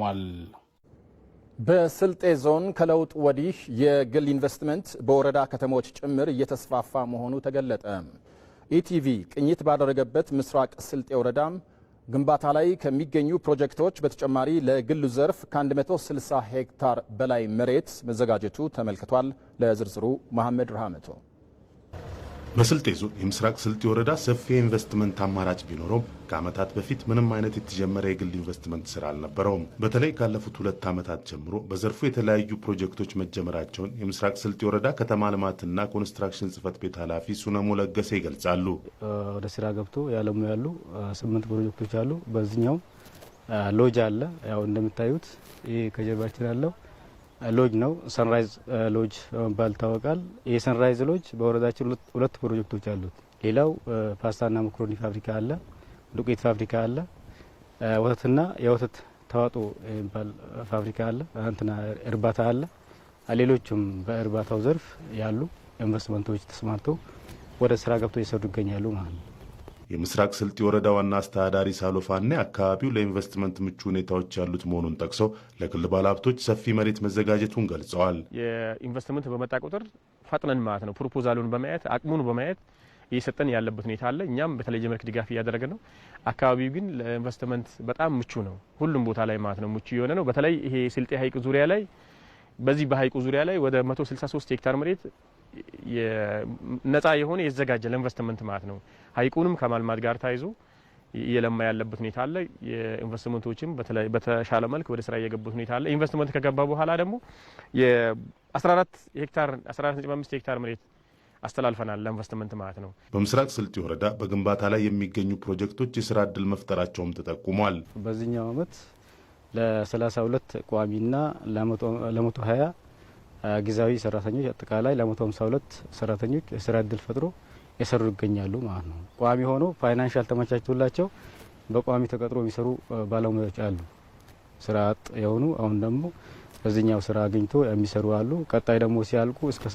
ጠቁሟል። በስልጤ ዞን ከለውጥ ወዲህ የግል ኢንቨስትመንት በወረዳ ከተሞች ጭምር እየተስፋፋ መሆኑ ተገለጠ። ኢቲቪ ቅኝት ባደረገበት ምስራቅ ስልጤ ወረዳም ግንባታ ላይ ከሚገኙ ፕሮጀክቶች በተጨማሪ ለግሉ ዘርፍ ከ160 ሄክታር በላይ መሬት መዘጋጀቱ ተመልክቷል። ለዝርዝሩ መሐመድ ረሃመቶ በስልጤ ዞን የምስራቅ ስልጤ ወረዳ ሰፊ የኢንቨስትመንት አማራጭ ቢኖረውም ከዓመታት በፊት ምንም አይነት የተጀመረ የግል ኢንቨስትመንት ስራ አልነበረውም። በተለይ ካለፉት ሁለት ዓመታት ጀምሮ በዘርፉ የተለያዩ ፕሮጀክቶች መጀመራቸውን የምስራቅ ስልጤ ወረዳ ከተማ ልማትና ኮንስትራክሽን ጽህፈት ቤት ኃላፊ ሱነሞ ለገሰ ይገልጻሉ። ወደ ስራ ገብቶ ያለሙ ያሉ ስምንት ፕሮጀክቶች አሉ። በዚህኛውም ሎጅ አለ። ያው እንደምታዩት ይህ ከጀርባችን ያለው ሎጅ ነው። ሰንራይዝ ሎጅ በመባል ይታወቃል። የሰንራይዝ ሰንራይዝ ሎጅ በወረዳችን ሁለት ፕሮጀክቶች አሉት። ሌላው ፓስታና መኮሮኒ ፋብሪካ አለ፣ ዱቄት ፋብሪካ አለ፣ ወተትና የወተት ተዋጦ የሚባል ፋብሪካ አለ፣ እንትና እርባታ አለ። ሌሎችም በእርባታው ዘርፍ ያሉ ኢንቨስትመንቶች ተስማርተው ወደ ስራ ገብቶ እየሰሩ ይገኛሉ ማለት ነው። የምስራቅ ስልጥ ወረዳ ዋና አስተዳዳሪ ሳሎፋኔ አካባቢው ለኢንቨስትመንት ምቹ ሁኔታዎች ያሉት መሆኑን ጠቅሰው ለግል ባለሀብቶች ሰፊ መሬት መዘጋጀቱን ገልጸዋል። የኢንቨስትመንት በመጣ ቁጥር ፈጥነን ማለት ነው ፕሮፖዛሉን በማየት አቅሙን በማየት እየሰጠን ያለበት ሁኔታ አለ። እኛም በተለየ መልክ ድጋፍ እያደረገ ነው። አካባቢው ግን ለኢንቨስትመንት በጣም ምቹ ነው። ሁሉም ቦታ ላይ ማለት ነው ምቹ የሆነ ነው። በተለይ ይሄ ስልጤ ሀይቅ ዙሪያ ላይ በዚህ በሀይቁ ዙሪያ ላይ ወደ 163 ሄክታር መሬት ነጻ የሆነ የተዘጋጀ ለኢንቨስትመንት ማለት ነው። ሀይቁንም ከማልማት ጋር ታይዞ እየለማ ያለበት ሁኔታ አለ። የኢንቨስትመንቶችም በተሻለ መልክ ወደ ስራ እየገቡት ሁኔታ አለ። ኢንቨስትመንት ከገባ በኋላ ደግሞ የ14 ሄክታር 14.5 ሄክታር መሬት አስተላልፈናል ለኢንቨስትመንት ማለት ነው። በምስራቅ ስልት ወረዳ በግንባታ ላይ የሚገኙ ፕሮጀክቶች የስራ እድል መፍጠራቸውም ተጠቁሟል። በዚህኛው አመት ለ ሁለት ቋሚና ለመቶ ሀያ ጊዜያዊ ሰራተኞች አጠቃላይ ለመቶ ሀምሳ ሁለት ሰራተኞች የስራ እድል ፈጥሮ የሰሩ ይገኛሉ ማለት ነው። ቋሚ ሆኖ ፋይናንሻል ተመቻችቶላቸው በቋሚ ተቀጥሮ የሚሰሩ ባለሙያዎች አሉ። ስራ አጥ የሆኑ አሁን ደግሞ በዚህኛው ስራ አግኝቶ የሚሰሩ አሉ። ቀጣይ ደግሞ ሲያልቁ እስከ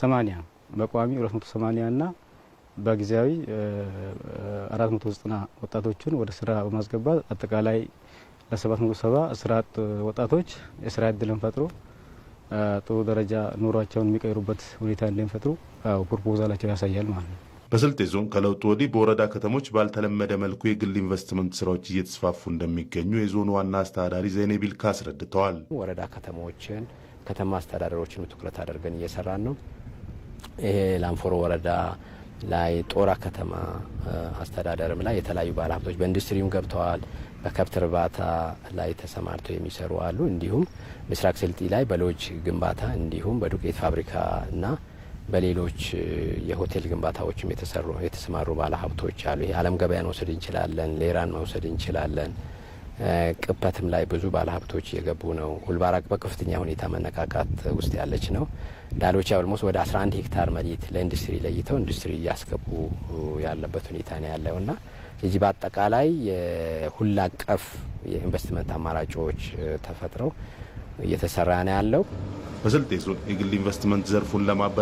ሰማኒያ በቋሚ ሰማኒያ ና በጊዜያዊ ዘጠና ወጣቶችን ወደ ስራ በማስገባት አጠቃላይ ለ770 ስራ አጥ ወጣቶች የስራ እድልን ፈጥሮ ጥሩ ደረጃ ኑሯቸውን የሚቀይሩበት ሁኔታ እንደሚፈጥሩ ፕሮፖዛላቸው ያሳያል ማለት ነው። በስልጤ ዞን ከለውጡ ወዲህ በወረዳ ከተሞች ባልተለመደ መልኩ የግል ኢንቨስትመንት ስራዎች እየተስፋፉ እንደሚገኙ የዞኑ ዋና አስተዳዳሪ ዘይኔብ ይልካ አስረድተዋል። ወረዳ ከተሞችን፣ ከተማ አስተዳደሮችን ትኩረት አድርገን እየሰራን ነው። ይሄ ላንፎሮ ወረዳ ላይ ጦራ ከተማ አስተዳደርም ላይ የተለያዩ ባለሀብቶች በኢንዱስትሪም ገብተዋል። በከብት እርባታ ላይ ተሰማርተው የሚሰሩ አሉ። እንዲሁም ምስራቅ ስልጢ ላይ በሎጅ ግንባታ እንዲሁም በዱቄት ፋብሪካ እና በሌሎች የሆቴል ግንባታዎችም የተሰማሩ ባለሀብቶች አሉ። ይሄ አለም ገበያን መውሰድ እንችላለን። ሌራን መውሰድ እንችላለን። ቅበትም ላይ ብዙ ባለሀብቶች እየገቡ ነው። ሁልባራ በከፍተኛ ሁኔታ መነቃቃት ውስጥ ያለች ነው። ዳሎቻ ኦልሞስ ወደ 11 ሄክታር መሬት ለኢንዱስትሪ ለይተው ኢንዱስትሪ እያስገቡ ያለበት ሁኔታ ነው ያለው እና እዚህ በአጠቃላይ የሁላ አቀፍ የኢንቨስትመንት አማራጮች ተፈጥረው እየተሰራ ነው ያለው። በስልጤ ዞን የግል ኢንቨስትመንት ዘርፉን ለማበ